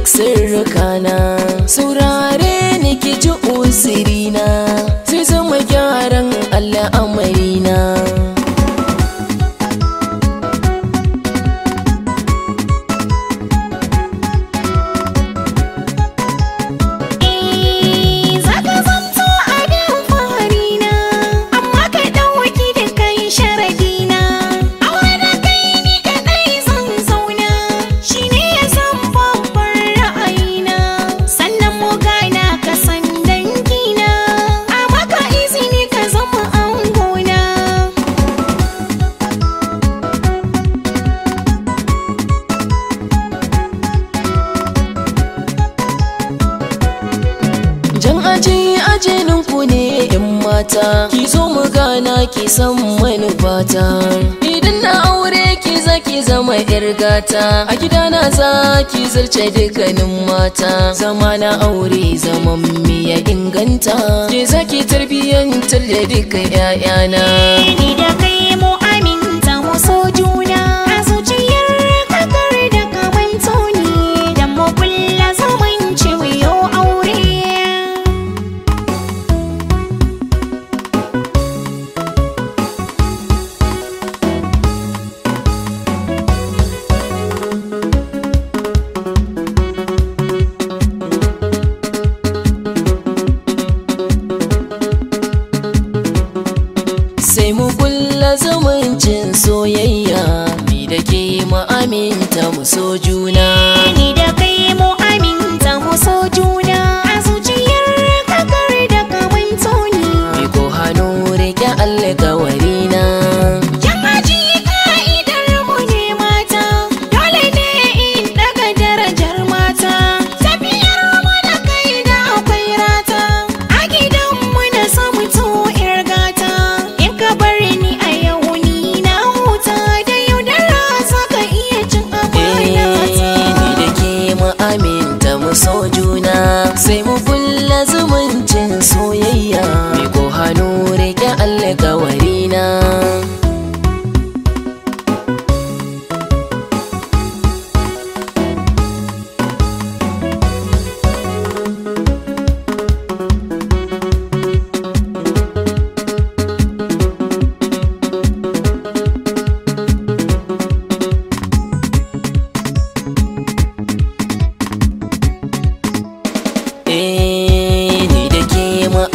duk na saurare ni ki ji usirina sai zama gyaran al'amari aji ajinin ku ne yan mata ki zo mu gana ki san manufata idan na aure ki za ki zama yar gata a gidana za ki zarce dukkanin mata zama na aure zaman ya inganta ki za ki tarbiyyantar da dukkan 'ya'yana mu so you.